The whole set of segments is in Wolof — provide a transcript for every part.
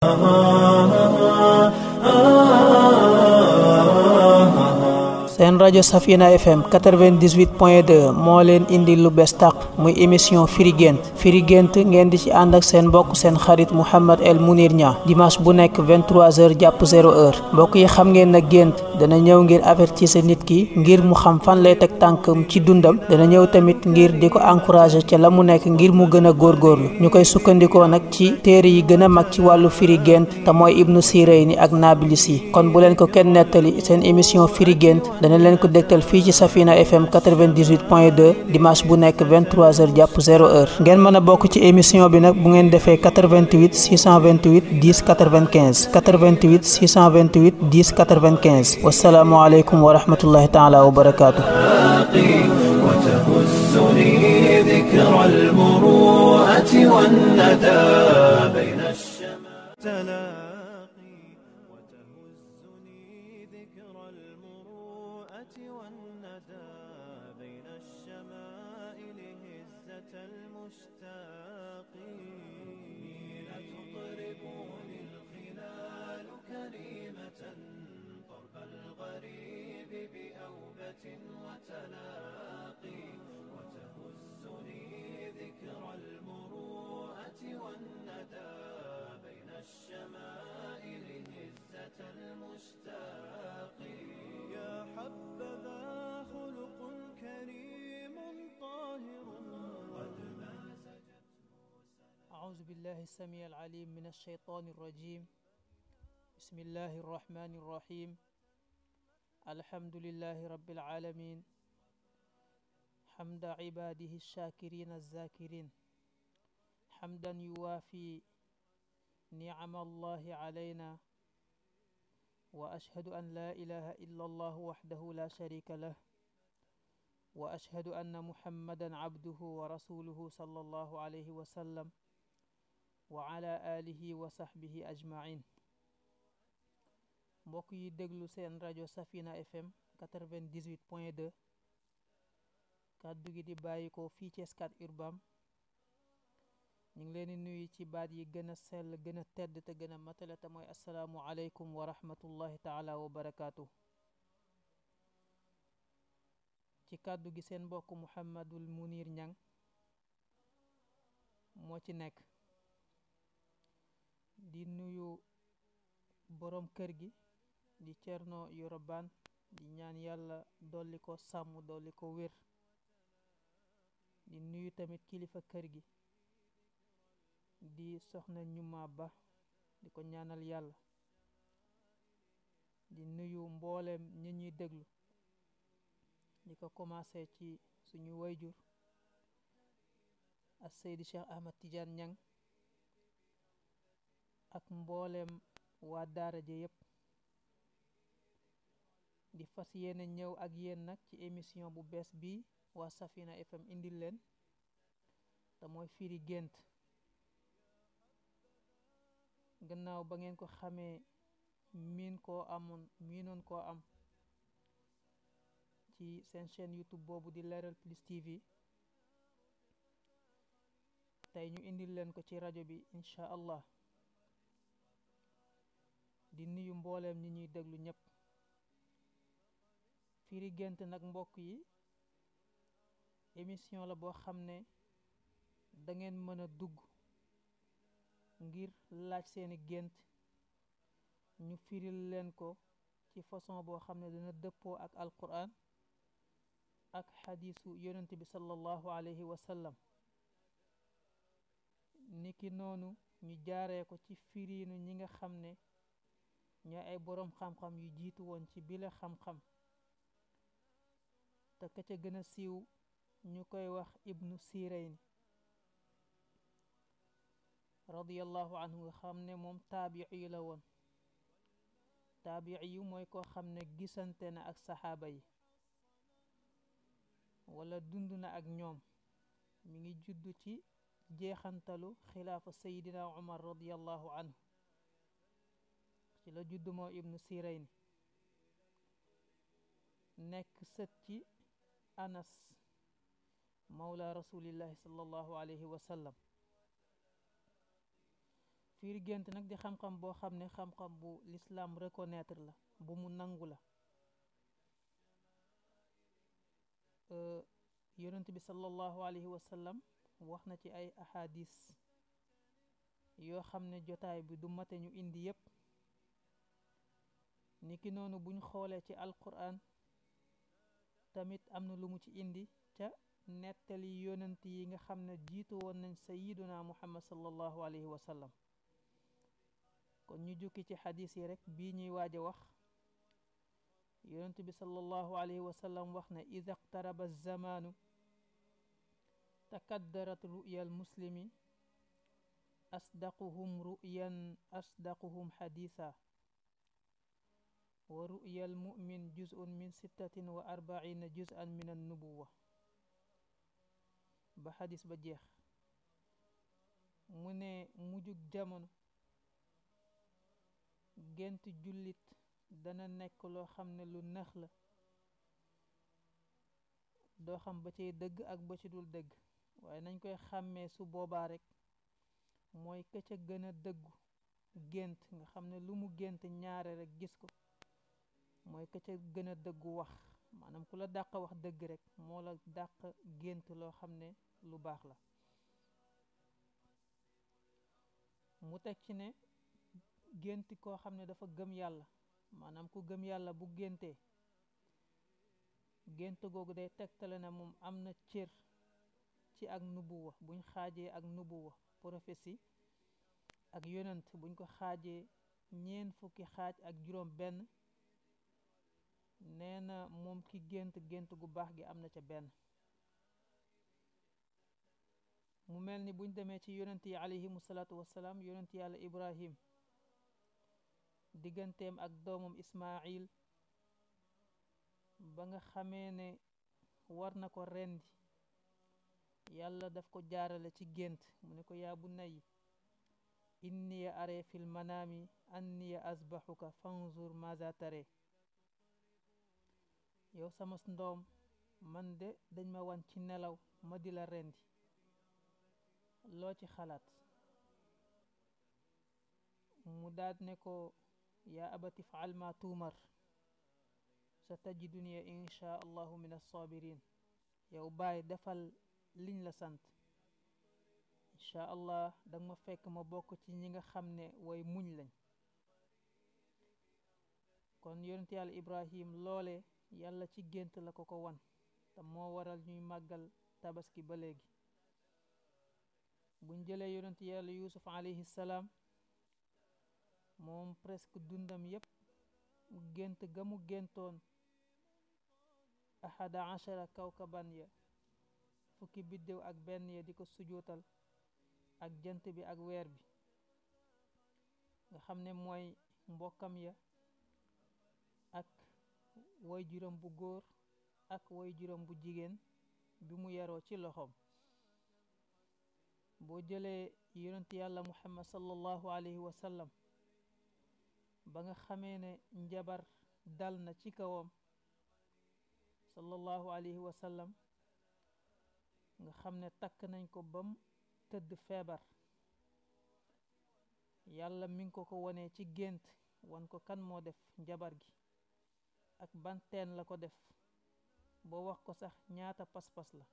Uh-huh. seen rajo safina fm 98.2 moo leen indi lu bes tàq muy émission firi gént firi ngeen di ci ànd ak seen mbokk seen xarit mouhamad el munir ña dimanche bu nekk 23h jàpp 0h mbokk yi xam ngeen na gént dana ñëw ngir avertir sa nit ki ngir mu xam fan lay teg tànkam ci dundam dana ñëw tamit ngir di ko encourager ca la mu nekk ngir mu gën a góorgóorlu ñu koy sukkandikoo nag ci téere yi gën a mag ci wàllu firi gént te mooy ibnu sirayni ak naabilisi kon bu leen ko kenn nettali seen émission firi dana dinañ leen ko dégtal fii ci Safina FM 98.2 dimanche bu nekk 23h jàpp 0h ngeen mën a bokk ci émission bi nag bu ngeen defee 88 628 10 95 88 628 10 95 wasalaamualeykum wa rahmatullahi taala wa barakaatu. وتهزني ذكرى المروءة والندى بين بالله السميع العليم من الشيطان الرجيم بسم الله الرحمن الرحيم الحمد لله رب العالمين حمد عباده الشاكرين الذاكرين حمدا يوافي نعم الله علينا واشهد ان لا اله الا الله وحده لا شريك له واشهد ان محمدا عبده ورسوله صلى الله عليه وسلم وعلى آله وصحبه أجمعين بوكي دغلو سين راديو سفينة اف ام 98.2 كادو دي بايكو في تيسكات اربام نيغ لين نوي سي بات يي غنا سيل غنا تيد تا غنا ماتلا تا موي السلام عليكم ورحمه الله تعالى وبركاته ci kaddu gi seen mbokk muhammadul munir ñang moo ci nekk di nuyu borom kër gi di Thierno Yoro Bane di ñaan yàlla dolli ko sàmm dolli ko wér di nuyu tamit kilifa kër gi di soxna ñuma ba di ko ñaanal yàlla di nuyu mboolem ñi ñuy déglu di ko commencé ci suñu wayjur ak Seydi Cheikh Ahmad Tidiane ak mbooleem waa daara ji yépp di fas yéene ñëw ak yéen nag ci émission bu bees bi waa Safina FM indil leen te mooy firi gént gannaaw ba ngeen ko xamee miin koo koo am ci seen chaîne YouTube boobu di Leral Plus TV tey ñu indil leen ko ci rajo bi incha allah di nuyu mbooleem ñi ñuy déglu ñëpp firi gént nag mbokk yi émission la boo xam ne dangeen ngeen mën a dugg ngir laaj seeni gént ñu firil leen ko ci façon boo xam ne dana dëppoo ak alquran ak xadiisu yonent bi sallallahu alayhi wa sallam noonu ñu jaaree ko ci firiinu ñi nga xam ne ñooy ay boroom xam-xam yu jiitu woon ci bile xam-xam te ka ca gën siiw ñu koy wax ibnu sirayn radiyallahu anhu xam ne moom taabici la woon taabici yu mooy koo xam ne gisante na ak saxaaba yi wala dund na ak ñoom mu ngi judd ci jeexantalu xilaafa sayidina umar radiyallahu anhu ci la judd moo ibnu sirayn nekk sët ci anas mawla rasulillahi sallallahu alayhi wa sallam fiir gént nag di xam-xam boo xam ne xam-xam bu lislaam reconnaître la bu mu nangu la yonent bi sallallahu alayhi wa sallam wax na ci ay ahadis yoo xam ne jotaay bi du mate ñu indi yépp niki nonu buñ xolé ci alquran tamit amna lu mu ci indi ca netali yonent yi nga xamne jitu won nañ sayyiduna muhammad sallallahu alayhi wa sallam kon ñu jukki ci hadith yi rek bi ñi waja wax yonent bi sallallahu alayhi wa sallam waxna idha ida az-zaman takaddarat ruya almuslimi asdaquhum ruyan asdaquhum xadisa wa ru'yal mu'min juz'un min sittatin wa arbaina juz'an min an-nubuwa ba xadis ba jeex mu ne jug jamono gént jullit dana nekk loo xam ne lu nax la doo xam ba cay dëgg ak ba ci dul dëgg waaye nañ koy xàmmee su boobaa rekk mooy ka ca gëna a dëggu gént nga xam ne lu mu gént ñaare rekk gis ko mooy ka ca gën a dëggu wax maanaam ku la dàq wax dëgg rek moo la dàq gént loo xam ne lu baax la mu teg ci ne gént koo xam ne dafa gëm yàlla maanaam ku gëm yàlla bu géntee gént googu day tegtale na moom am na cër ci ak nubuwa buñ xaajee ak nubuwa prophétie ak yonent buñ ko xaajee ñeen fukki xaaj ak juróom benn nee na moom ki gént gént gu baax gi am na ca benn mu mel ni buñ demee ci yonent yi alayhimu salaatu wassalaam yonent yàlla ibrahim digganteem ak doomum ismaail ba nga xamee ne war na ko rendi yàlla daf ko jaarale ci gént mu ne ko yaa nay inni ya aree fil manaami anniya asbaxuka fanzur maza tare yow sama ndoom man de dañ ma wan ci nelaw ma di la rendi loo ci xalaat mu daat ne ko yaa abati faal ma tuumar sa tajiduni inchaa allahu min assabirin yow baay defal liñ la sant incha allah danga ma fekk ma bokk ci ñi nga xam ne way muñ lañ kon yonent yàlla ibrahim loole yàlla ci gént la ko ko wan te moo waral ñuy màggal tabaski ba léegi buñ jëlee yonent yàlla yusuf alayhi salaam moom presque dundam yépp gént gamu géntoon ahada achara kawkaban ya fukki biddew ak benn ya di ko sujootal ak jant bi ak weer bi nga xam ne mooy mbokkam ya waajuram bu góor ak waajuram bu jigéen bi mu yaroo ci loxom boo jëlee yonent yàlla muhammad sallallahu alayhi wa sallam ba nga xamee ne njabar dal na ci kawam sallallahu alayhi wa sallam nga xam ne takk nañ ko bam tëdd feebar yàlla mi ngi ko ko wanee ci gént wan ko kan moo def njabar gi ak banteen la ko def boo wax ko sax ñaata pas-pas la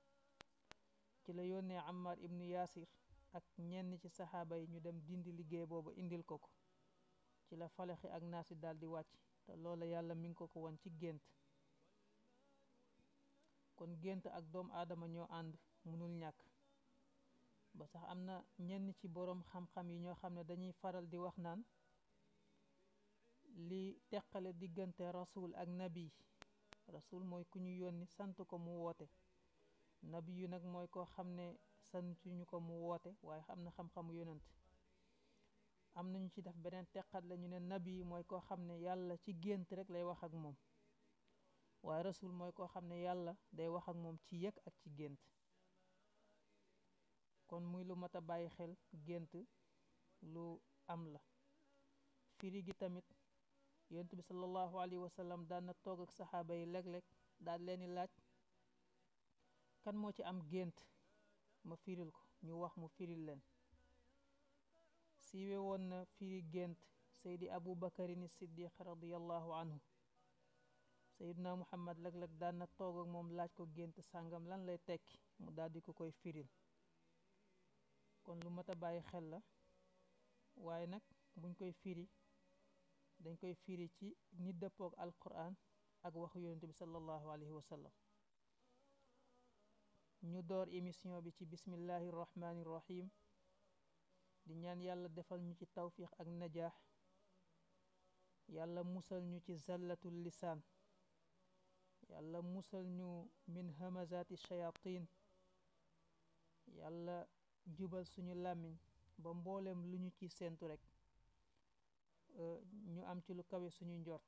ci la yónnee Ammar ibnu Yaasir ak ñenn ci saxaaba yi ñu dem dindi liggéey boobu indil ko ko ci la falaxi ak naasi dal di wàcc te loola yàlla mi ko ko won ci gént kon gént ak doomu aadama ñoo ànd mënul ñàkk ba sax am na ñenn ci boroom xam-xam yi ñoo xam ne dañuy faral di wax naan li teqale diggante rasuul ak nabi rasul mooy ku ñu yónni sant ko mu woote nabi yu nag mooy koo xam ne santuñu ko mu woote waaye xam na xam-xamu yonent am nañu ci def beneen teqat la ñu ne nabi mooy koo xam ne yàlla ci gént rek lay wax ak moom waaye rasul mooy koo xam ne yàlla day wax ak moom ci yëg ak ci gént kon muy lu mat a bàyyi xel gént lu am la firi tamit yonent bi sallallahu alayhi wa daan na toog ak saxaaba yi léeg-léeg daal leen di laaj kan moo ci am gént ma firil ko ñu wax mu firil leen siiwe woon na firi gént seydi abu bakarin siddiq radiallahu anhu seydina muhammad léeg-léeg daan na toog ak moom laaj ko gént sàngam lan lay tekki mu daal ko koy firil kon lu mat a bàyyi xel la waaye nag buñ koy firi dañ koy firi ci ñi dëppoog alquran ak waxu yonent bi sallallahu alayhi wa ñu door émission bi ci bismillahi rahmani rahim di ñaan yàlla defal ñu ci tawfiq ak najaax yàlla musal ñu ci zallatul lisaan yàlla musal ñu min hamazati shayatin yàlla jubal suñu làmmiñ ba mbooleem lu ñu ci séentu rekk Euh, ñu am ci lu kawe suñu njort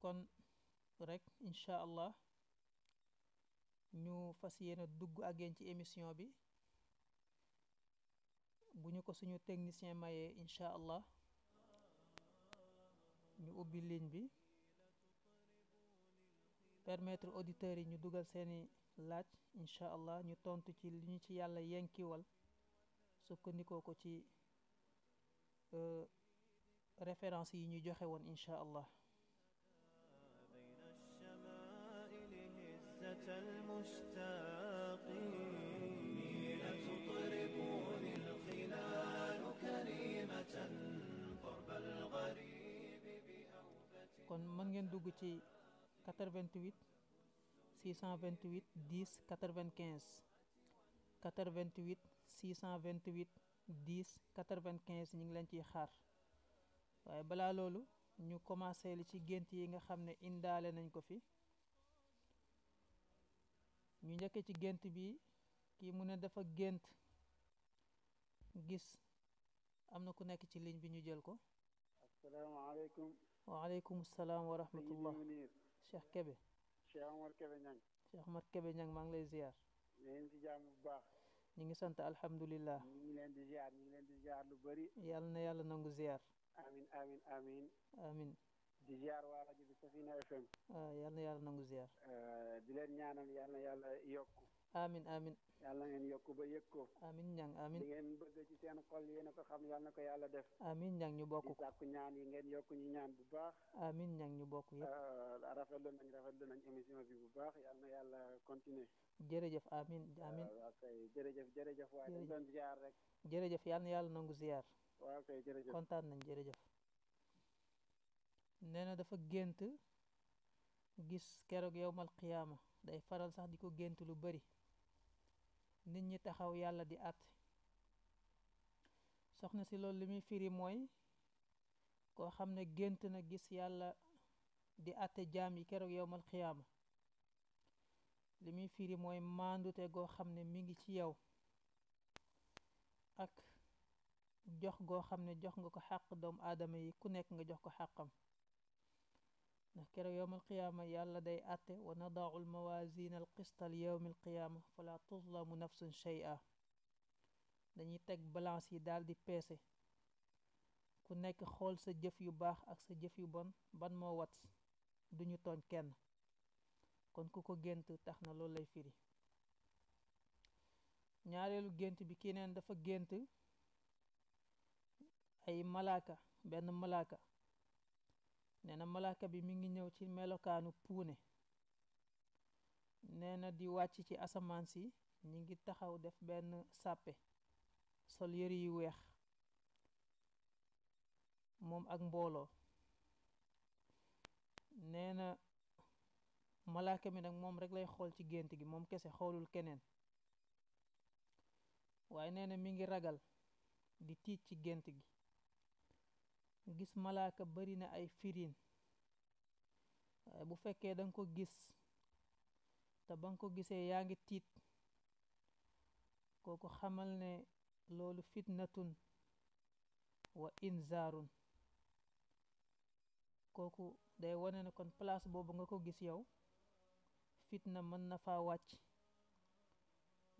kon rek incha allah ñu fas yéene dugg ak ci émission bi bu ñu ko suñu technicien mayee incha allah ñu ubbi ligne bi permettre auditeurs yi ñu dugal seeni laaj incha allah ñu tontu ci li ñu ci yàlla yenkiwal sukkandikoo ko eh, ci référence yi ñu joxe woon insha allah kon mën ngeen dugg ci 88 628 10 95 88 628 10 95 ñu ngi leen ciy xaar waaye balaa loolu ñu commencé li ci gént yi nga xam ne indaale nañ ko fi ñu njëkke ci gént bi kii mu ne dafa gént gis am na ku nekk ci ligne bi ñu jël ko asalaamaaleykum waaleykum salaam wa rahmatullah Cheikh Kebe Cheikh Omar Kebe Ñang Cheikh ñu ngi sant alhamdulilah. ñu ngi leen di ziar ñu ngi leen di ziar lu bëri. yal na yàlla nangu ziar. amin amin amin amin di ziar waa rajo bi Safina FM. Ah, yal na yàlla nangu ziar. Ah, di leen ñaanal yal na yàlla yokku. amin amin yalla ngeen yokku ba yëg ko amin ñang amin li ngeen bëgg ci seen xol yéen ko xam yalla naka yalla def amin ñang ñu bokku ko sàkku ñaan yi ngeen yokku ñu ñaan bu baax amin ñang ñu bokku yépp euh yëpp lu nañ rafetlu nañ émission bi bu baax yalla na yàlla continuer jërëjëf amin euh, amin waaw kay jërëjëf jërëjëf waaye dañ doon ziar rek jërëjëf yalla na yàlla nangu ziar waaw kay jërëjëf contane nañ jërëjëf neena dafa gént gis kérok yowmal qiyamah day faral sax diko ko lu bari nit ñi taxaw yàlla di àtt soxna si loolu li muy firi mooy koo xam ne gént na gis yàlla di àtte jaam yi keroog yowmal xiyaama li muy firi mooy màndute goo xam ne mi ngi ci yow ak jox goo xam ne jox nga ko xàq doomu aadama yi ku nekk nga jox ko xàqam ndax kero yowm alqiyaama yàlla day àtte wa nadaau almawasin alqista li yowm alqiyaama la tuzlamu nafsun shay'a dañuy teg balance yi daal di peese ku nekk xool sa jëf yu baax ak sa jëf yu bon ban moo wat duñu tooñ kenn kon ku ko gént tax na loolu lay firi ñaareelu gént bi kii neen dafa gént ay malaaka benn malaaka nee na malaaka bi mi ngi ñëw ci melokaanu puune nee na di wàcc ci asamaan si ñu ngi taxaw def benn sàppe sol yëre yu weex moom ak mbooloo nee na malaaka bi nag moom rek lay xool ci gént gi moom kese xoolul keneen waaye nee na mi ngi ragal di tiit ci gént gi gis malaaka bari na ay firiin waaye bu fekkee danga ko gis te ba nga ko gisee yaa ngi tiit kooku xamal ne loolu fitnatun wa inzaarun kooku day wane ne kon place boobu nga ko gis yow fitna mën na faa wàcc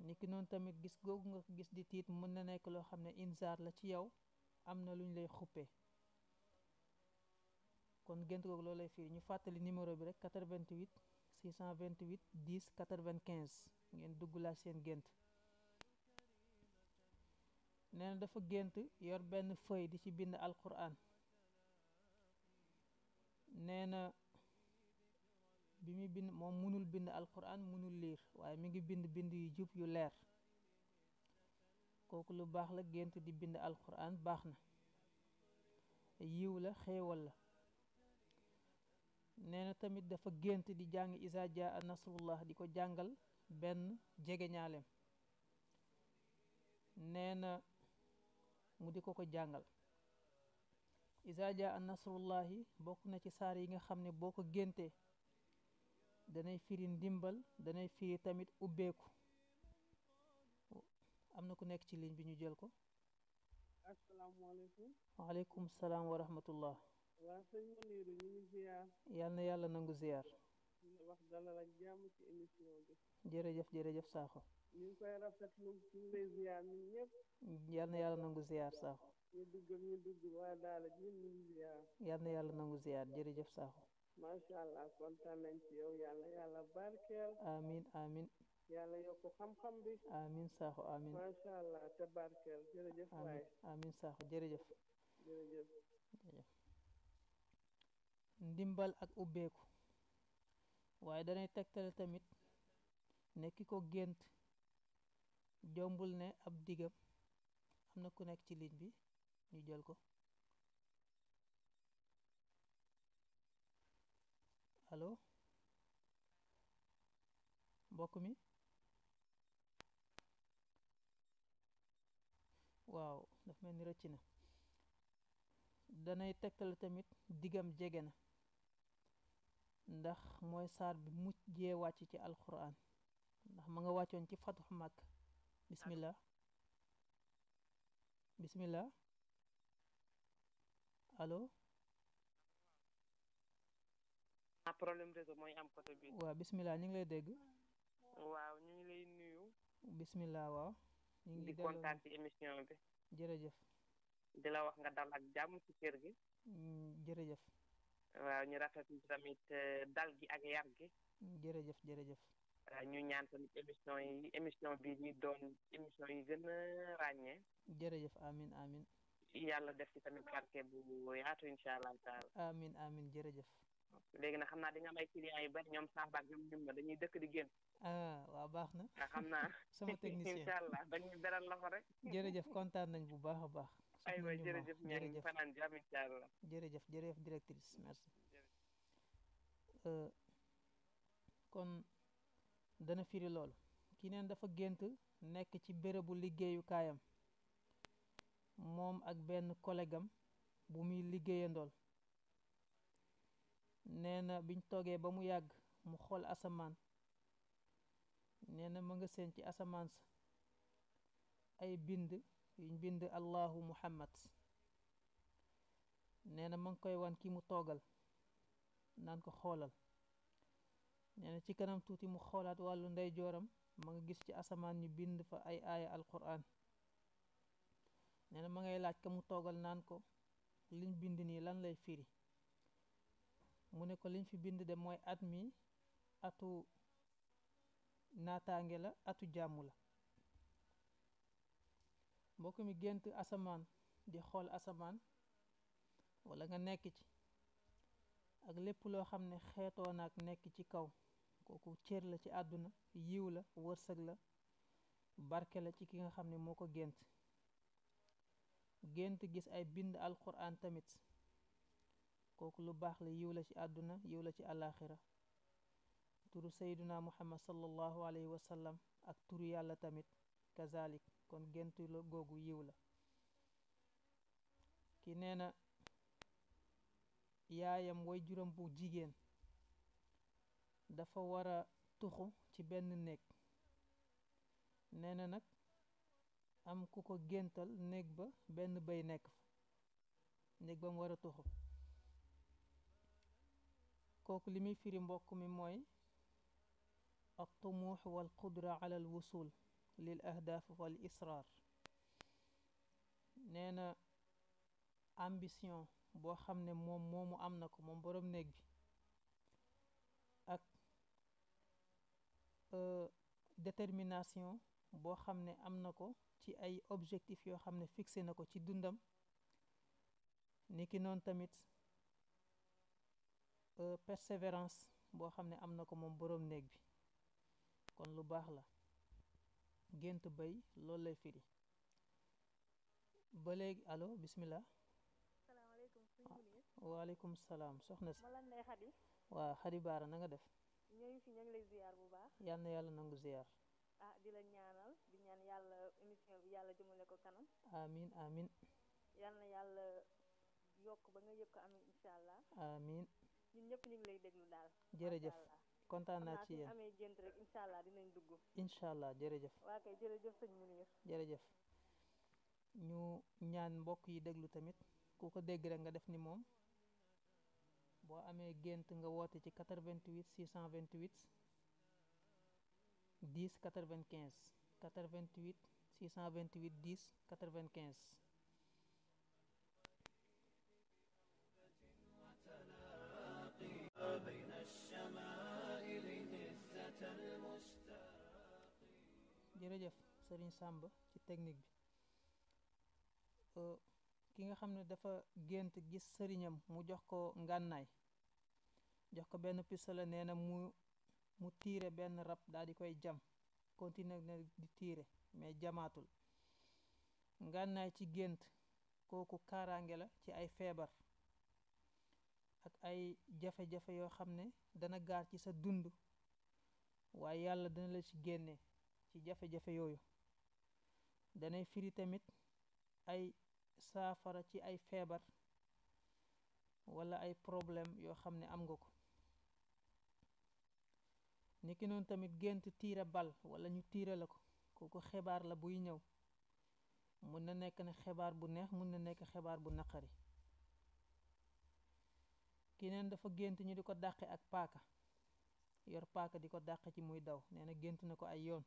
niki noonu tamit gis googu nga ko gis di tiit mën na nekk loo xam ne inzaar la ci yow am na luñ lay xuppe kon gént googu loolay fii ñu fàttali numéro bi rek 88 628 10 95 ngeen dugg laaj seen gént nee dafa gént yor benn feuille di ci bind alquran nee na bi muy bind moom mënul bind alquran mënul liir waaye mi ngi bind bind yu jub yu leer kooku lu baax la gént di bind alquran baax na yiw la xéewal la nee na tamit dafa gént di jàng isa jaa nasrullah di ko jàngal benn jege ñaaleem nee na mu di ko ko jàngal isa jaa nasrullahi bokk na ci saar yi nga xam ne boo ko géntee danay firi ndimbal danay firi tamit ubbeeku am na ku nekk ci ligne bi ñu jël ko asalaamaaleykum waaleykum salaam wa rahmatullah waa sëñ Maniiru ñu ngi ziar. yal na yàlla nangu ziar. wax dalal jërëjëf jërëjëf Sakho. ñu ngi koy rafetlu ñu ngi lay ziar yal na yàlla nangu ziar Sakho. ñu dugg ñu dugg waa daal yal na yàlla nangu ziar jërëjëf Sakho. macha allah yow yàlla yàlla barkeel. amiin amiin. yàlla yokk xam-xam bi. amiin Sakho amiin. macha allah te barkeel jërëjëf waay. amiin amiin jërëjëf. ndimbal ak ubbeeku waaye danay tegtale tamit ne ko gént jombul ne ab digam am na ku nekk ci ligne bi ñu jël ko allo mbokk mi waaw daf mel ni rëcc na danay tegtale tamit digam jege na ndax mooy saar bi mujjee wàcc ci alquran ndax ma nga wàccoon ci fatux mag bismillah bismillah allo a ah, problème réseau mooy am côté bi waaw bismillah ñu ngi lay dégg waaw ñu ngi lay nuyu bismillah waaw ñu ngi di kontaan ci émission bi jërëjëf di la wax nga dal ak jàmm ci kër gi mm, jërëjëf waaw ñu rafetlu tamit euh, dal gi ak yar gi. jërëjëf jërëjëf. ñu ñaan tamit émission yi émission bi ñu doon émission yi gën a ràññee. jërëjëf amin amin yàlla def ci tamit barke bu yaatu incha allah taala. amin amin jërëjëf. léegi nag xam naa di nga am ay clients yu bari ñoom sax ñoom ñoom dañuy dëkk di génn. ah waaw baax na. nga ah, xam naa. sama technicien incha allah dañuy beral la rek. jërëjëf kontaan nañ bu baax a baax. aywa jërëjëf jërëjëf jërëjëf jërëjëf directrice merci euh, kon dana firi loolu ki neen dafa gént nekk ci bérébu liggéeyukaayam moom ak benn collègue bu muy liggéeyandool nee na biñ toogee ba mu yàgg mu xool asamaan nee na ma nga seen ci asamaan sa ay bind yuñ bind allahu muhammad nee na ma ngi koy wan ki mu toogal naan ko xoolal nee ci kanam tuuti mu xoolaat wàllu ndeyjooram ma nga gis ci asamaan ñi bind fa ay aaya alquran nee ma ngay laaj ka mu toogal naan ko liñ bind nii lan lay firi mu ne ko liñ fi bind de mooy at mi atu naataange la atu jàmm la mbokk mi gént asamaan di xool asamaan walla nga nekk ci ak lépp loo xam ne xeetoo naag nekk ci kaw kooku cër la ci àdduna yiw la wërsëg la barke la ci ki nga xam ne moo ko gént gént gis ay bind alquran tamit kooku lu baax la yiw la ci àdduna yiw la ci àllaaxira turu sayduna muhammad sallallahu alayhi wa sallam ak turu yàlla tamit kazalik kon géntu googu yiw la ki nee na yaayam way juram bu jigéen dafa war a tuxu ci benn néeg nee na nag am ku ko géntal néeg ba benn bay nekk fa néeg ba mu war a tuxu kooku li muy firi mbokk mi mooy ak tumuux wal qudra ala للأهداف والإصرار نانا أمبيسيون بو خامن موم مومو أمنكو موم بروم نيك بي أك ديترميناسيون أه، بو خامن أمنكو تي أي أوبجيكتيف يو خامن فيكسي نكو تي دوندام نيكي نون تاميت أه، persévérance بو خامن أمنكو موم بروم نيك بي كون لو باخ Gent bay loolu lay firi ba léegi allo bismillah salaamaaleykum ah, waaleykum salaam soxna si waa xadi baara na nga def ñooñu si ñu lay ziar bu baax yal na yàlla nangu ziar ah di la ñaanal di ñaan yàlla émission bi yàlla ko kanam amin amin yal na yàlla ba nga yëpp am amin ñun ñëpp ñu lay déglu jërëjëf kontaan naa ci amee jënt rek incha allah dugg. incha allah jërëjëf. waa jërëjëf sëñ jërëjëf ñu ñaan mbokk yi déglu tamit ku ko dégg rek nga def ni moom boo amee gént nga woote ci 88 628 10 95 88 628 10 95. jërëjëf sëriñ Sàmb ci technique bi euh, ki nga xam ne dafa gént gis sëriñam mu jox ko ngànnaay jox ko benn pistolet nee na mu mu tiire benn rab daal di koy jam continuer na di tiire mais jamaatul ngànnaay ci gént kooku kaaraange la ci ay feebar ak ay jafe-jafe yoo xam ne dana gaar ci sa dund waaye yàlla dana la ci génne ci jafe-jafe yooyu danay firi tamit ay saafara ci ay feebar walla ay problème yoo xam ne am nga ko niki noonu tamit gént tiira bal wala ñu tiira la ko kooku xibaar la buy ñëw mun na nekk ne xibaar bu neex mun na nekk xibaar bu naqari keneen dafa gént ñu di ko dàqe ak paaka yor paaka di ko dàq ci muy daw nee na gént na ko ay yoon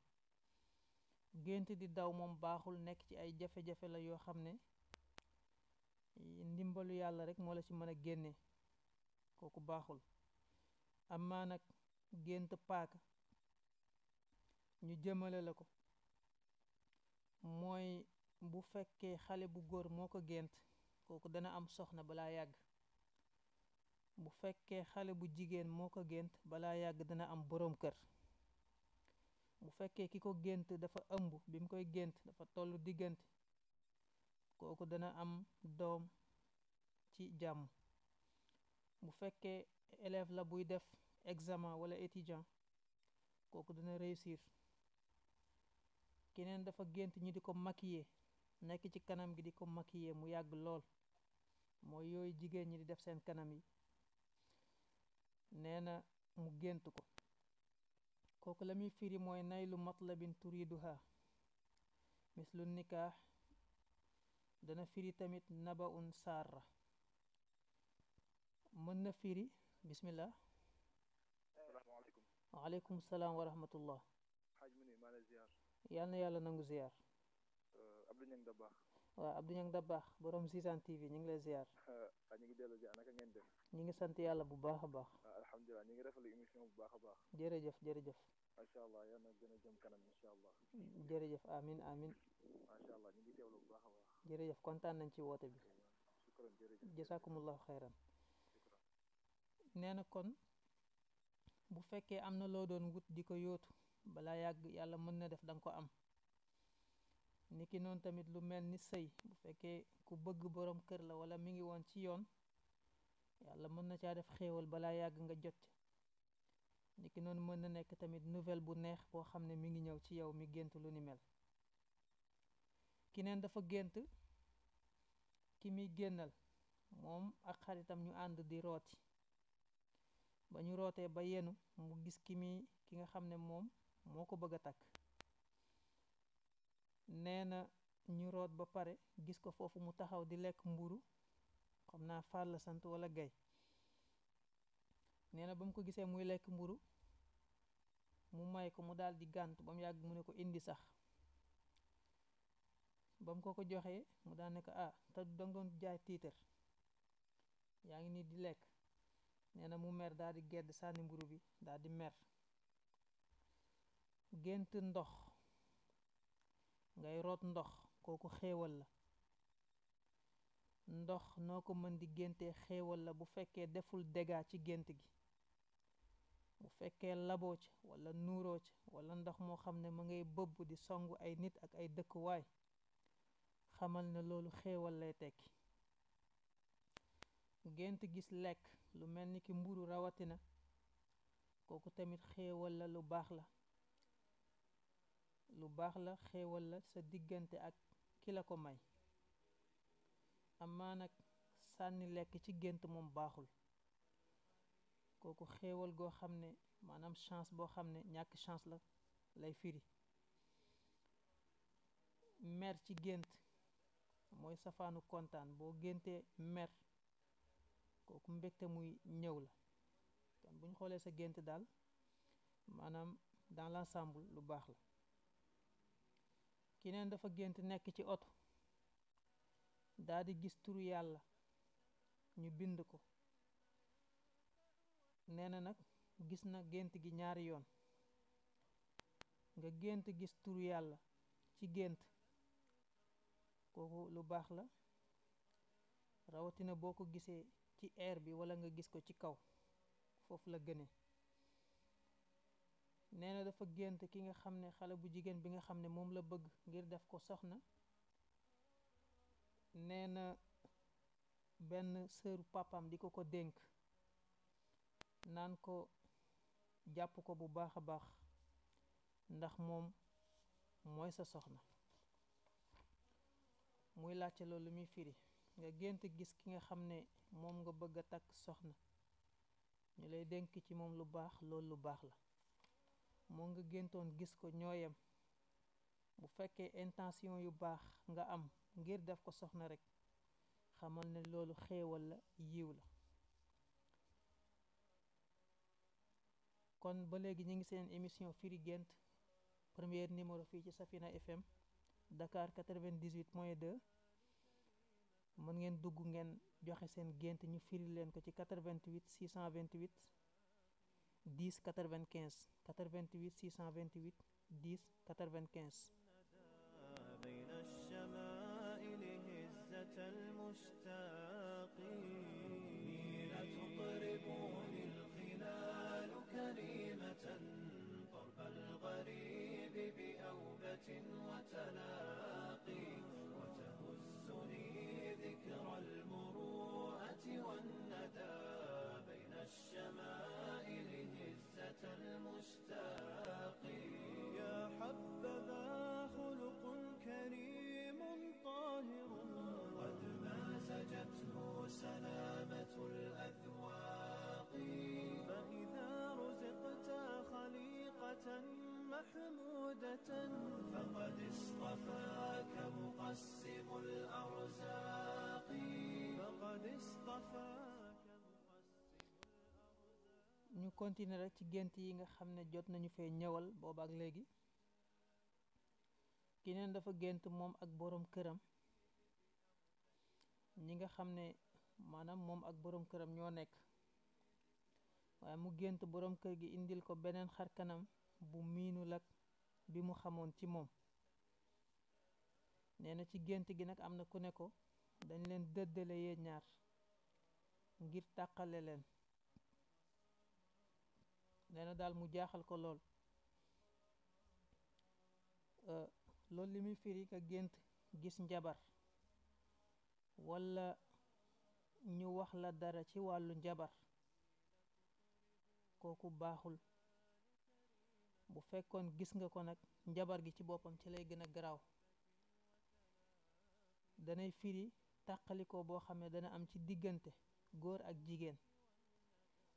gént di daw moom baaxul nekk ci ay jafe-jafe la yoo xam ne ndimbalu yàlla rek moo la ci mën a génne kooku baaxul amaa nag gént paaka ñu jëmale la ko mooy bu fekkee xale bu góor moo ko gént kooku dana am soxna balaa yàgg bu fekkee xale bu jigéen moo ko gént balaa yàgg dana am boroom kër bu fekkee ki ko gént dafa ëmb bi mu koy gént dafa toll diggante kooku dana am doom ci jàmm bu fekkee élève la buy def examen wala étudiant kooku dana réussir keneen dafa gént ñi di ko maquiller nekk ci kanam gi di ko maquiller mu yàgg lool mooy yooyu jigéen ñi di def seen kanam yi nee na mu gént ko كوك لامي فيري موي نايلو مطلب تريدها مثل النكاح دنا فيري تاميت نبا سار من فيري بسم الله السلام عليكم وعليكم السلام ورحمة الله حاج يالنا يالا زيار أبلي نانغ waaw abdou ñang da baax borom sisaan tv ñu ngi lay ziar ñu ngi delu ziar naka ngeen def ñu ngi sant yàlla bu baax a baax alhamdulilah ñu ngi rafetlu émission bu baax a baax jërëjëf jërëjëf masha allah yal na gën jëm kanam insha allah jërëjëf amin amin masha allah ñu ngi teewlu bu baax a baax jërëjëf kontaan nañ ci woote bi jasakumullahu khairan nee na kon bu fekkee am na doon wut di ko yóotu balaa yàgg yàlla mën na def da ko am niki noonu tamit lu mel ni sëy bu fekkee ku bëgg borom kër la wala mi ngi woon ci yoon yàlla mën na caa def xéewal balaa yàgg nga jot ci niki noonu mën na nekk tamit nouvelle bu neex boo xam ne mi ngi ñëw ci yow mi gént lu ni mel ki neen dafa gént ki muy génnal moom ak xaritam ñu ànd di rooti ba ñu rootee ba yenu mu gis ki muy ki nga xam ne moom moo ko bëgg a takk nee na ñu root ba pare gis ko foofu mu taxaw di lekk mburu xam naa fàll sant wala gay nee na ba mu ko gisee muy lekk mburu mu may ko mu daal di gànt ba mu yàgg mu ne ko indi sax ba mu ko ko joxee mu daal nekk ko ah te danga jaay tiitar yaa ngi nii di lekk nee na mu mer daal di gedd sànni mburu bi daal di mer gént ndox ngay root ndox kooku xéewal la ndox noo ko mën di génte xéewal la bu fekkee deful dégâts ci gént gi bu fekkee laboo ca walla nuuroo ca wala ndox moo xam ne mu ngay bëbb di songu ay nit ak ay dëkkuwaay xamal ne loolu xéewal lay tekki gént gis lekk lu mel ni ki mburu rawatina kooku tamit xéewal la lu baax la lu baax la xéewal la sa diggante ak ki la ko may amaa nag sànni lekk ci gént moom baaxul kooku xéewal goo xam ne maanaam chance boo xam ne ñàkk chance la lay firi mer ci gént mooy safaanu kontaan boo géntee mer kooku mbegte muy ñëw la kon buñ xoolee sa gént daal maanaam dans l'ensemble lu baax la keneen dafa gént nekk ci oto daldi gis turu yàlla ñu bind ko nee na nag gis na gént gi ñaari yoon nga gént gis turu yàlla ci gént kooku lu baax la rawatina boo ko gisee ci air bi walla nga gis ko ci kaw foofu la gëne nee na dafa gént ki nga xam ne xale bu jigéen bi nga xam ne moom la bëgg ngir def ko soxna nee na benn sëru pàppam di ko ko dénk naan ko jàpp ko bu baax a baax ndax moom mooy sa soxna muy laajte loolu muy firi nga gént gis ki nga xam ne moom nga bëgg a takk soxna ñu lay dénk ci moom lu baax loolu lu baax la moo nga géntoon gis ko ñooyam bu fekkee intention yu baax nga am ngir def ko soxna rek xamal ne loolu xéewal la yiw la kon ba léegi ñu ngi seen émission firi gént premier numéro fii ci Safina FM Dakar 98 point 2 mën ngeen dugg ngeen joxe seen gént ñu firi leen ko ci 88 628 10 95 88 628 10 95 بين الشمائل هزة المشتاق ñu continuer rek ci gént yi nga xam ne jot nañu fee ñëwal booba ak léegi ki neen dafa gént moom ak boroom këram ñi nga xam ne maanaam moom ak boroom këram ñoo nekk waaye mu gént boroom kër gi indil ko beneen xar kanam bu miinu ak bi mu xamoon ci moom neena ci gént gi nag am na ku ne ko dañ leen dëddale yee ñaar ngir tàqale leen nee na daal mu jaaxal ko lool loolu li muy firi ka gént gis njabar walla ñu wax la dara ci wàllu njabar kooku baaxul bu fekkoon gis nga ko nag njabar gi ci boppam ci lay gën a garaaw danay firi tàqalikoo boo xam ne dana am ci diggante góor ak jigéen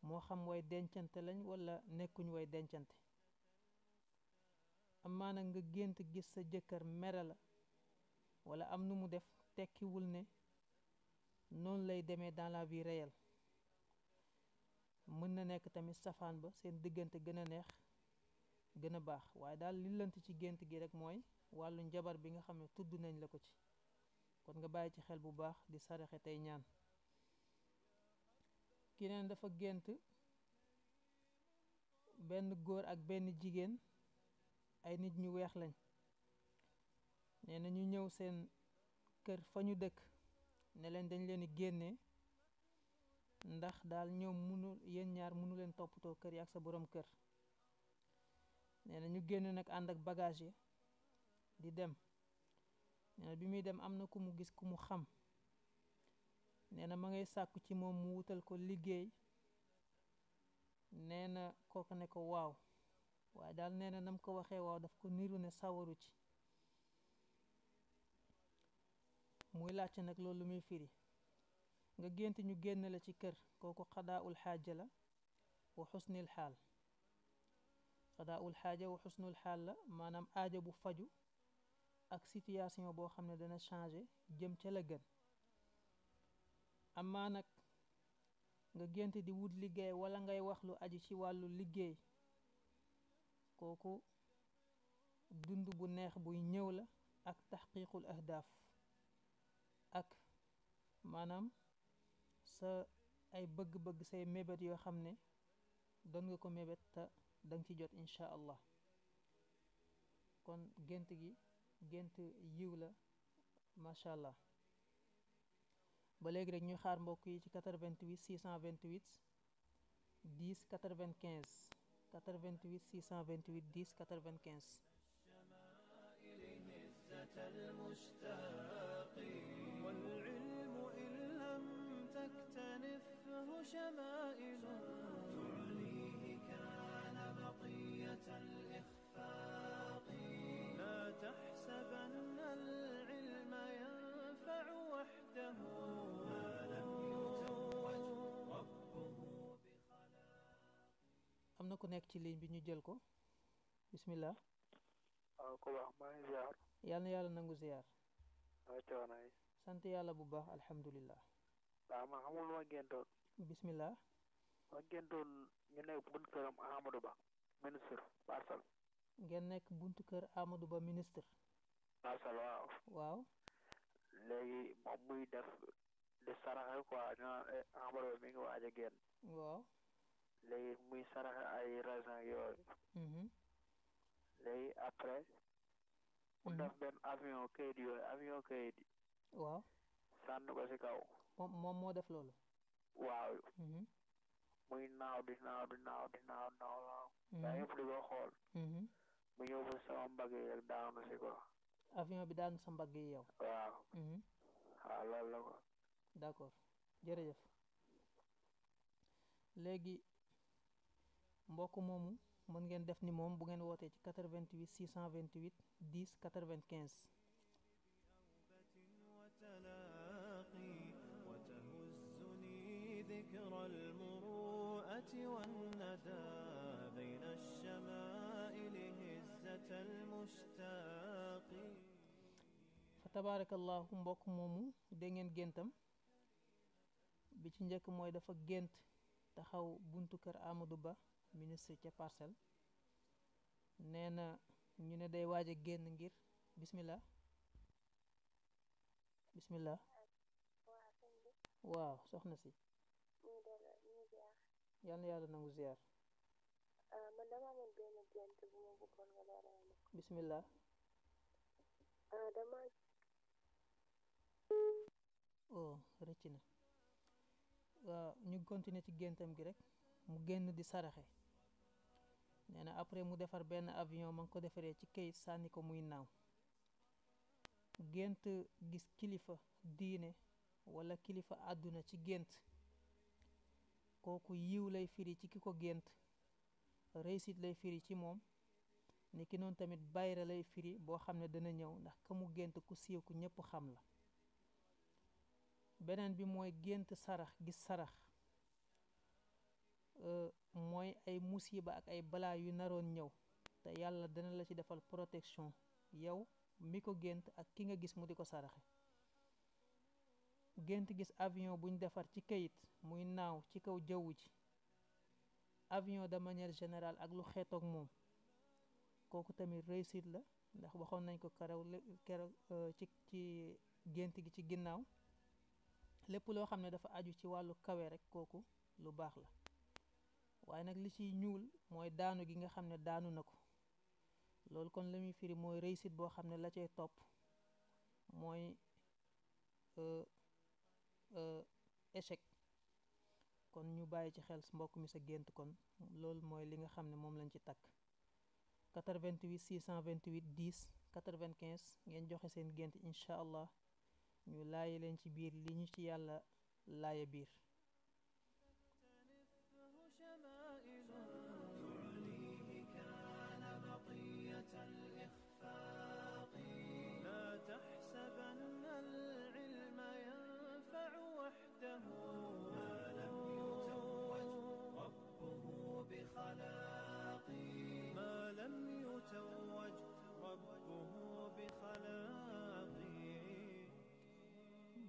moo xam way dencante lañ walla nekkuñ woy dencante amaa nga gént gis sa jëkkër mere la wala am nu mu def tekkiwul ne noonu lay demee dans la vie mën na nekk tamit safaan ba seen diggante gën a neex gën a baax waaye daal li ci gént gi rek mooy wàllu njabar bi nga xam ne tudd nañ la ko ci kon nga bàyyi ci xel bu baax di saraxe tey ñaan keneen dafa gént benn góor ak benn jigéen ay nit ñu weex lañ nee na ñu ñëw seen kër fa ñu dëkk ne leen dañ leen di génne ndax daal ñoom munu yéen ñaar munu leen toppatoo kër yi ak sa boroom kër nee na ñu génn nag ànd ak bagage yi di dem nee bi muy dem am na ku mu gis ku mu xam nee na ma ngay sàkku ci moom mu wutal ko liggéey nee na kooku ne ko waaw waaye daal nee na nam ko waxee waaw daf ko niiru ne sawaru ci muy laajte nag loolu muy firi nga gént ñu génn la ci kër kooku xadaa ul xaaja la wa xusnil xaal qadaa'ul الحاجة وحسن xusnul ما نم maanaam aajo أك سيتياسي ak situation boo شانجي ne dana changé jëm ca nga gént di wut liggéey wala ngay wax lu aji ci wàllu liggéey kooku dund bu neex buy ñëw la ak taxqiqul ahdaaf ak maanaam sa ay bëgg-bëgg say mébét yoo xam ne doon nga ko mébét te danga ci jot insha allah kon gent gi gent yiw la macha allah ba léegi rek ñu xaar mbokk yi ci 88 628 10 95 88 628 10 95 والعلم إن لم تكتنفه شمائل na ku nekk ci ligne bi ñu jël ko bismillah waaw ko yal na yàlla nangu ziar sant yàlla bu baax alhamdulilah waaw ma xamul lu ma géntoon bismillah ma géntoon ñu nekk buntu këram Amadou Ba ministre parcelle ngeen nekk buntu kër Amadou Ba ministre parcelle waaw waaw léegi moom muy def di saraxe quoi ñu naan eh, Amadou waaj a génn waaw léegi muy saraxe ay raisin yooyu. Mhm. léegi après. mu mhm. def benn avion kayit yooyu avion kayit yi. waaw. sànni ko si kaw. moom moom moo def loolu. waaw. Mhm. muy naaw di naaw di naaw daanu si ko. avion bi daanu sa mbagg yi yow. waaw. waaw loolu la ko. d' accord jërëjëf léegi mbokk moomu mën ngeen def ni moom bu ngeen wootee ci 88 628 10 95. وتهزني ذكرى المروءة والندى بين الشمائل هزة المشتاق fa tabaarakallaahu mbokk moomu dégg ngeen bi ci njëkk mooy dafa gént taxaw buntu kër Amadou Ba ministre ca parcelle nee na ñu ne day waaj génn ngir bismillah bismillah waaw soxna si yal yàlla nangu ziar man dama bismillah dama oh, rëcc na waaw ñu continuer ci géntam gi rekk mu génn di saraxe neena après mu defar benn avion ma ngi ko defaree ci kayit sànni ko muy naaw gént gis kilifa diine walla kilifa àdduna ci gént kooku yiw lay firi ci ki ko gént réussite lay firi ci moom ni ki noonu tamit bayra lay firi boo xam ne dana ñëw ndax ka mu gént ku siiw ku ñépp xam la beneen bi mooy gént sarax gis sarax Euh, mooy ay musiba ak ay balaa yu naroon ñëw te yàlla dana la ci defal protection yow mi ko gént ak ki nga gis mu di ko saraxe gént gis avion buñ defar ci kayit muy naaw ci kaw jaww ji avion de manière générale ak lu xeetoog moom kooku tamit réussite la ndax waxoon nañ ko karaw keroog euh, ci ci gént gi ci ginnaaw lépp loo xam ne dafa aju ci wàllu kawe rek kooku lu baax la waaye nag li ci ñuul mooy daanu gi nga xam ne daanu na ko loolu kon la muy firi mooy réussite boo xam ne la cay topp mooy euh, euh, échec kon ñu bàyyi ci xel mbokk mi sa gént kon loolu mooy li nga xam ne moom lañ ci takk vingt 88 628 10 95 ngeen joxe seen gént incha allah ñu laaye leen ci biir li ñu ci yàlla laaye biir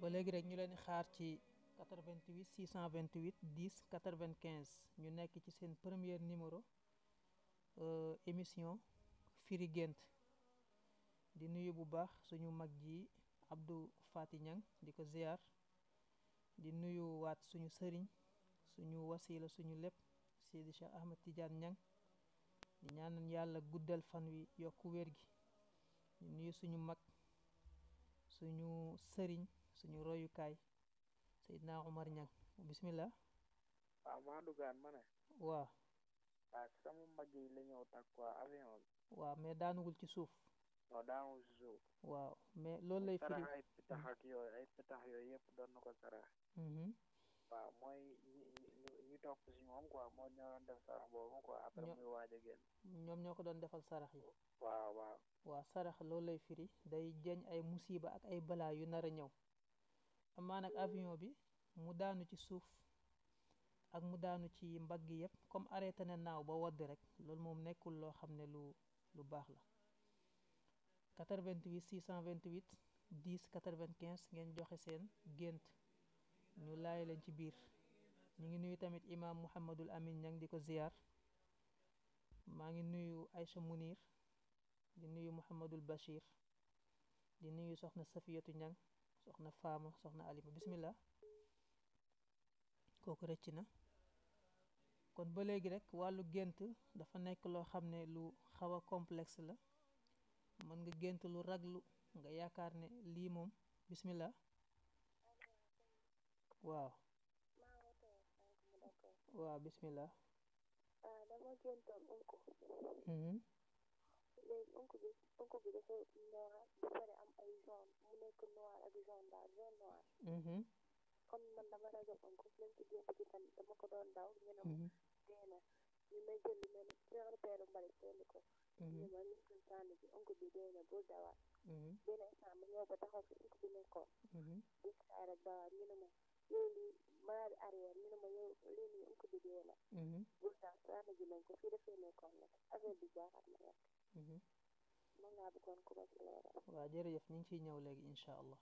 ba léegi rek ñu leen xaar ci 88 628 10 95 ñu nekk ci seen premier numéro euh, émission firi gént di nuyu bu baax suñu mag ji abdou fati ñang di ko ziar di nuyu waat suñu sëriñ suñu wasila suñu lépp sidi cheikh ahmad tidiane ñang di ñaanan yàlla guddal fan wi yokku wér gi di nuyu suñu mag suñu sëriñ suñu royu royukaay sayidna umar ñag bismillah waaw maa dugaan ma ne waaw waaw ci sama mbagg yi la ñëw takk waa avion bi waaw mais daanugul ci suuf waaw daanugul ci suuf waaw mais loolu lay firi ay pitax ak yooyu ay pitax yooyu yëpp doon na ko sarax waaw mooy ñu topp si moom quoi moo ñoo doon def sarax boobu quoi après muy waaj a génn ñoom ñoo ko doon defal sarax yi waaw waaw waaw sarax loolu lay firi day jeñ ay musiba ak ay balaa yu nar a ñëw amaan ak avion bi mu daanu ci suuf ak mu daanu ci mbagg yëpp comme arrêté ne naaw ba wadd rek loolu moom nekkul loo xam ne lu lu baax la 88 628 10 95 ngeen joxe seen gént ñu laay leen ci biir ñu ngi nuyu tamit imaam Mouhamadul Amin ña di ko ziyaar maa ngi nuyu Aïcha Mounir di nuyu Mouhamadul Bachir di nuyu soxna Safiyatu Ñang soxna faama soxna alima bismillah kooku rëcc na kon ba léegi rek wàllu gént dafa nekk loo xam ne lu xaw a complexe la mën nga gént lu raglu nga yaakaar ne lii moom bismillah waaw waaw bismillah ah, léegi oncle bi oncle bi dafa noir ba pare am ay jaune mu nekk noir ak jaune daal jaune noir. Mhm. comme man dama ragal oncle même ci gént gi dama ko doon daw. ñu ne ma mhm. dee na ñu may jël lu mel ni genre peeru mbalit seen ko. Mhm. ñu ma ñu ko sànni bi oncle bi dee na bul dawaat. benn instant ma ñëw ba taxaw fi oncle bi nekkoon. di xaar ak dawaat ñu ne ma loolu malade arrière ñu ne ma yow ñu ko déggee la. Mhm. nag affaire bi jaaxal na yàq. mën mhm. ma ngi ciy ñëw léegi incha allah.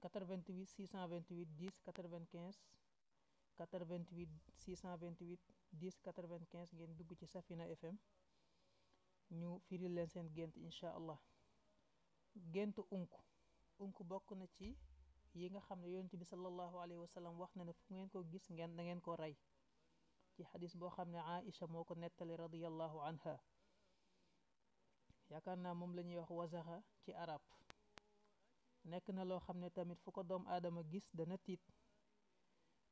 88 628 10 95 88 628 10 95 ngeen dugg ci Safina FM ñu firil seen gént incha allah gént unk unk bokk na ci. yii nga xam ne yonent bi sallallahu alayhi wa sallam wax na ne fu ngeen ko gis ngeen da ngeen ko rey ci xadis boo xam ne Aïcha moo ko nettali radiyallahu anha yaakaar naa moom la ñuy wax wasaxa ci arab nekk na loo xam ne tamit fu ko doom aadama gis dana tiit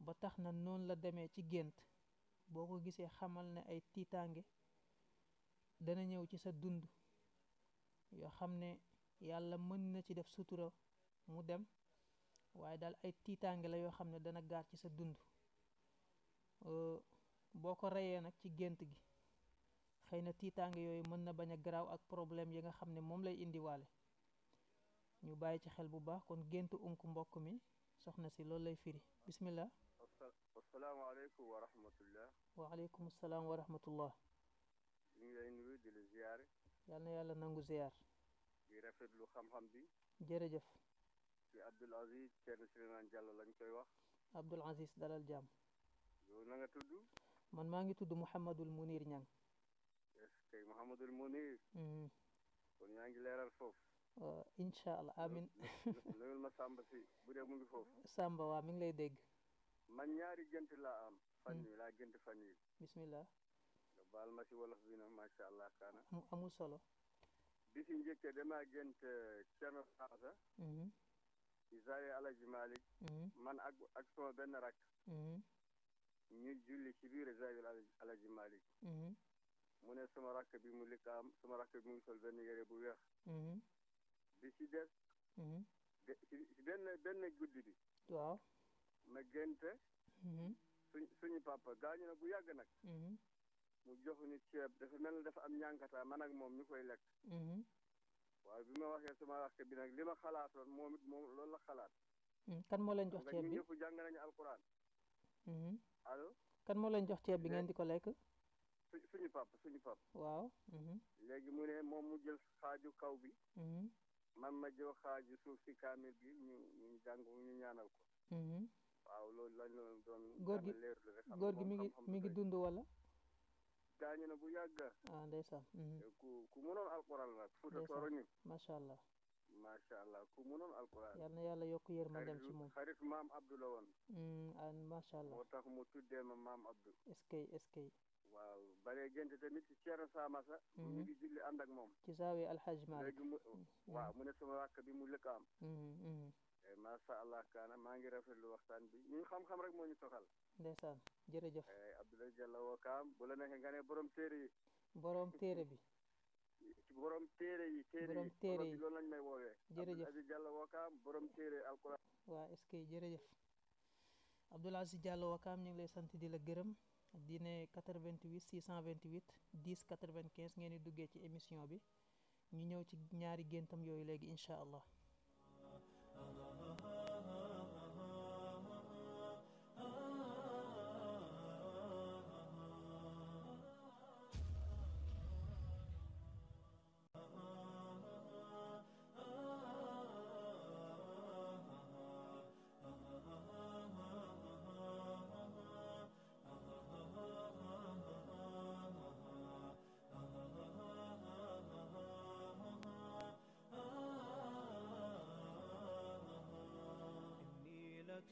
ba tax na noonu la demee ci gént boo ko gisee xamal ne ay tiitaange dana ñëw ci sa dund yoo xam ne yàlla mën na ci def sutura mu dem waaye daal ay tiitaange la yoo xam ne dana gaar ci sa dund boo ko reyee nag ci gént gi xëy na tiitaange yooyu mën na bañ a garaaw ak problème yi nga xam ne moom lay indiwaale ñu bàyyi ci xel bu baax kon gént unk mbokk mi soxna si loolu lay firi bismillah asalaamaaleykum wa rahmatullah waaleykum salaam wa rahmatullah ñu ngi yal na yàlla nangu ziyaar rafet lu xam-xam bi jërëjëf ci Abdoul Aziz Thierno Souleymane Diallo lañ koy wax. Abdoul Aziz dalal jàmm. yow na nga man maa ngi tudd Mouhamadul Mounir Niang. est-ce que Mouhamadul Mounir. Mm-hmm. kon yaa ngi leeral foofu. Uh, incha allah amin nuyul ma bu dee Samba waa mi ngi lay dégg. man ñaari gént laa am. fan mm. yii laa gént fan yii. bismillah. nga baal ma si wolof bi na macha allah kaana. amul solo. bi si njëkk damaa gént uh, Thierno Sansa. di zaawee Alaji Malick mm. man ak ak sama benn rak mm. ñu julli ci biir zaawee Alaji Malick mm. mu ne sama rakk bi mu likaam sama rakk bi mu ngi sol benn yére bu weex bi ci des ci benn benn guddi bi waaw ma génte suñ suñu papa gaañu na bu yàgg nag mu jox ñu ceeb dafa mel na dafa am ñànkataa man ak moom ñu koy lekk waaw bi ma waxee sama rakk bi nag li ma xalaatoon moom it moom loolu la xalaat. Hmm, hmm. kan moo leen jox ceeb bi ñëpp jàng nañu alquran. allo. kan moo jox ceeb bi ngeen di ko lekk. suñu papa suñu papa. waaw. Hmm. léegi mu ne moom mu jël xaaju kaw bi. man ma jël xaaju suuf si kaamil bi ñu ñu jàng ñu ñaanal ko. waaw loolu lañ doon doon. góor gi góor gi mi ngi mi ngi dund wala. gaañu na bu yàgg. ah ndeysaan. Mhm. Eh, ku ku mënoon alquran la. Fuuta Tooro ñu. macha allah. macha allah ku mënoon alquran. yal na yàlla yokk yërmandem ci moom xarit maam Abdou la woon. Mm, ah macha allah. moo tax mu tuddee ma maam Abdou. est-ce que est-ce que. waaw bare gént tamit ci Thierno Samassa. ñu mm-hmm. ngi julli ànd ak moom. ci zaawee alxaj Maalik. léegi mm-hmm. waaw mu ne sama rakk bi mu lëkk am. Mm-hmm, Eh, macha allah kaana maa ngi lu waxtaan bi ñun xam-xam rek moo ñu soxal. ndeysaan jërëjëf. Eh, Abdoulaye Diallo Wakaam bu la neexee nga ne borom téere yi. borom téere bi. borom téere yi. borom téere yi loolu lañ may woowee. jërëjëf Abdoulaye Diallo Wakaam borom téere alquran. waa est-ce que jërëjëf Abdoulaye Aziz Diallo Wakaam ñu ngi lay sant di la gërëm di ne 88 628 10 95 ngeen di duggee ci émission bi ñu ñëw ci ñaari géntam yooyu léegi incha allah.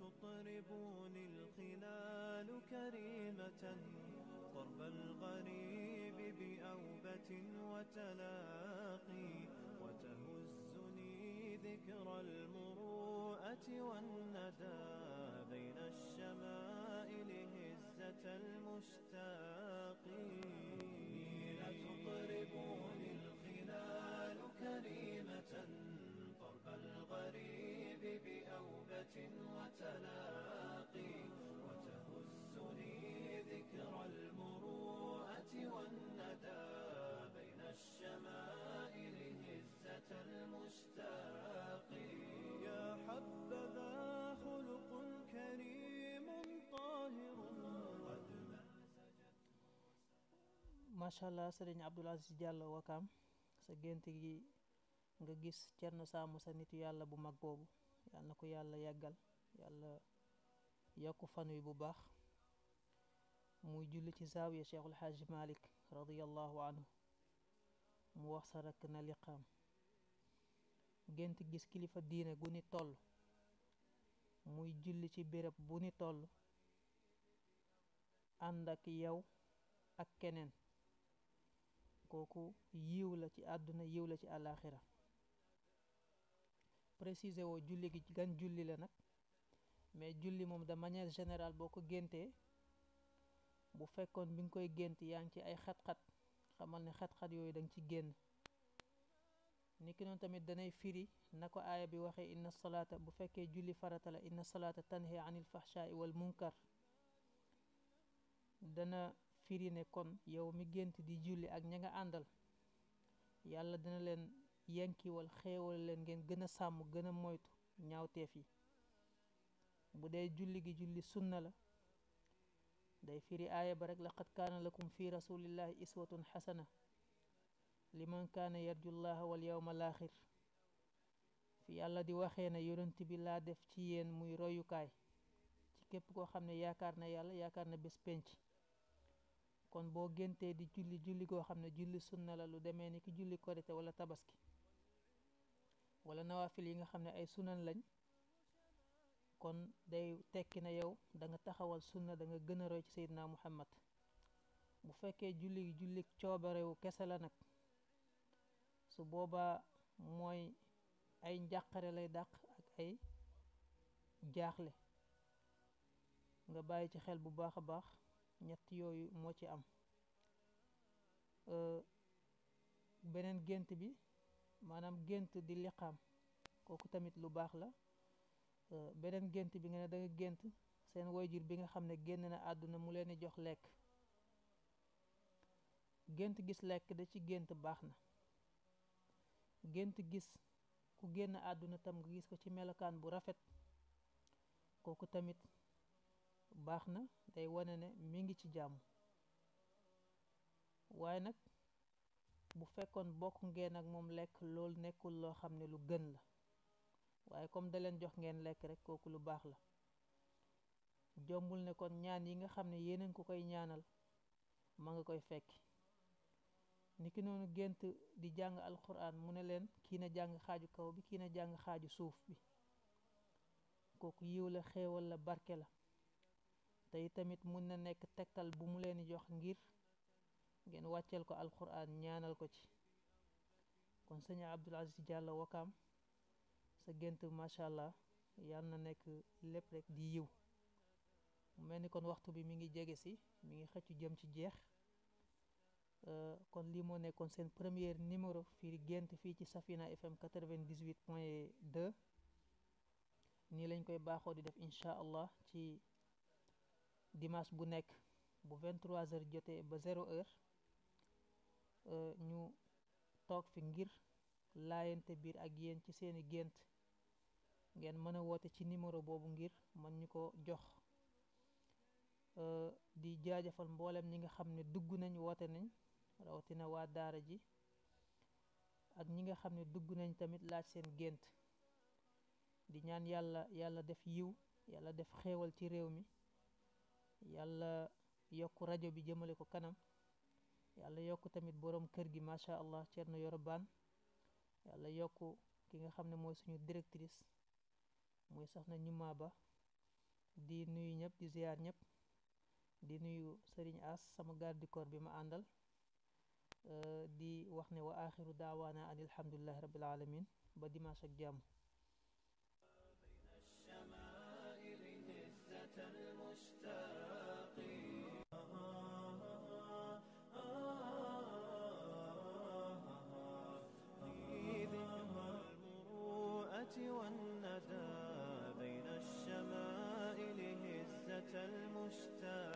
تطربني الخلال كريمة قرب الغريب بأوبة وتلاقي وتهزني ذكرى المروءة والندى بين الشمائل هزة المشتاق macha allah sëriñ Abdoul Aziz Diallo Wakaam sa gént gi nga gis Thierno Samou sa nitu yàlla bu mag boobu yàlla na ko yàlla yàggal yàlla yokk fan bu baax muy julli ci zaawiya Cheikhul Hadj Malick radiyallahu anhu mu wax sa rakk na gént gis kilifa diine gu ni toll muy julli ci béréb bu ni toll ànd ak yow ak keneen kooku yiw la ci àdduna yiw la ci àllaaxira précisé woo julli gi gan julli la nag mais julli moom de manière général boo ko géntee bu fekkoon bi nga koy gént yaa ngi ci ay xat-xat xamal ne xat-xat yooyu da ci génn niki noonu tamit danay firi na ko aaya bi waxee inna salaata bu fekkee julli farata la inna salaata tanhi anil fahshaai wal munkar dana firi ne kon yow mi gént di julli ak ña nga àndal yàlla dina leen yenkiwal xéewal leen ngeen gën a sàmm gën a moytu ñaawteef bu dee julli gi julli sunna la day firi aaya ba rek laqad kaana lakum fi rasulillahi iswatun xasana liman kaana yarju llaha wal yawma alaaxir fi yàlla di waxee na yonent bi laa def ci yéen muy royukaay ci képp koo xam ne yaakaar na yàlla yaakaar na bés penc kon boo géntee di julli julli goo xam ne julli sunna la lu demee ni ki julli korite wala tabaski wala nawafil yi nga xam ne ay sunan lañ kon day tekki na yow danga taxawal sunna danga nga gën a roy ci Seydina Muhammad bu fekkee julli julli coobarewu kese la nag su boobaa mooy ay njàqare lay dàq ak ay jaaxle nga bàyyi ci xel bu baax a baax ñett yooyu moo ci am euh, beneen gént bi maanaam gént di liqaam kooku tamit lu baax la euh, beneen gént bi nga ne da gént seen wayjur bi nga xam ne génn na àdduna mu leen di jox lekk gént gis lekk da ci gént baax na gént gis ku génn àdduna tam nga gis ko ci melokaan bu rafet kooku tamit baax na day wane ne mi ngi ci jàmm waaye nag bu fekkoon bokk ngeen ak moom lekk loolu nekkul loo xam ne lu gën la waaye comme da leen jox ngeen lekk rek kooku lu baax la jombul ne kon ñaan yi nga xam ne yéeneen ko koy ñaanal ma nga koy fekki niki noonu gént di jàng alxuraan mu ne leen kii na jàng xaaju kaw bi kii na jàng xaaju suuf bi kooku yiw la xéewal la barke la te itamit mun na nekk tegtal bu mu leen jox ngir ngeen wàcceel ko alquran ñaanal ko ci kon sëñ abdul aziz jàll wakaam sa gént macha allah yàlla na nekk lépp rek di yiw mu mel ni kon waxtu bi mi ngi jege si mi ngi xëcc jëm ci jeex euh, kon lii moo nekkoon seen premier numéro fii gént fii ci safina fm 98 point 2 nii lañ koy baaxoo di def incha allah ci dimanche bu nekk bu 23h jotee ba 0h euh, ñu toog fi ngir laayante biir ak yéen ci seeni gént ngeen mën a woote ci numéro boobu ngir mën ñu ko jox euh, di jaajëfal mboolem ñi nga xam ne dugg nañ woote nañ rawatina waa daara ji ak ñi nga xam ne dugg nañ tamit laaj seen gént di ñaan yàlla yàlla def yiw yàlla def xéewal ci réew mi yàlla yokk rajo bi jëmale ko kanam yàlla yokk tamit borom kër gi macha allah Thierno Yoro Bane yàlla yokku ki nga xam ne mooy suñu directrice muy soxna ñuma ba di nuyu ñëpp di ziar ñëpp di nuyu Serigne As sama garde bi ma àndal euh, di wax ne wa axiru daawaana an alhamdulilahi rabil alamin ba dimanche ak jàmm والندى بين الشمائل هزة المشتاق